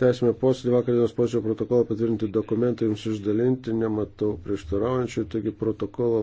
Tęsime posėdį vakardienos posėdžio protokolą patvirtinti dokumentai jums išdalinti, nematau prieštaraujančių, taigi protokolo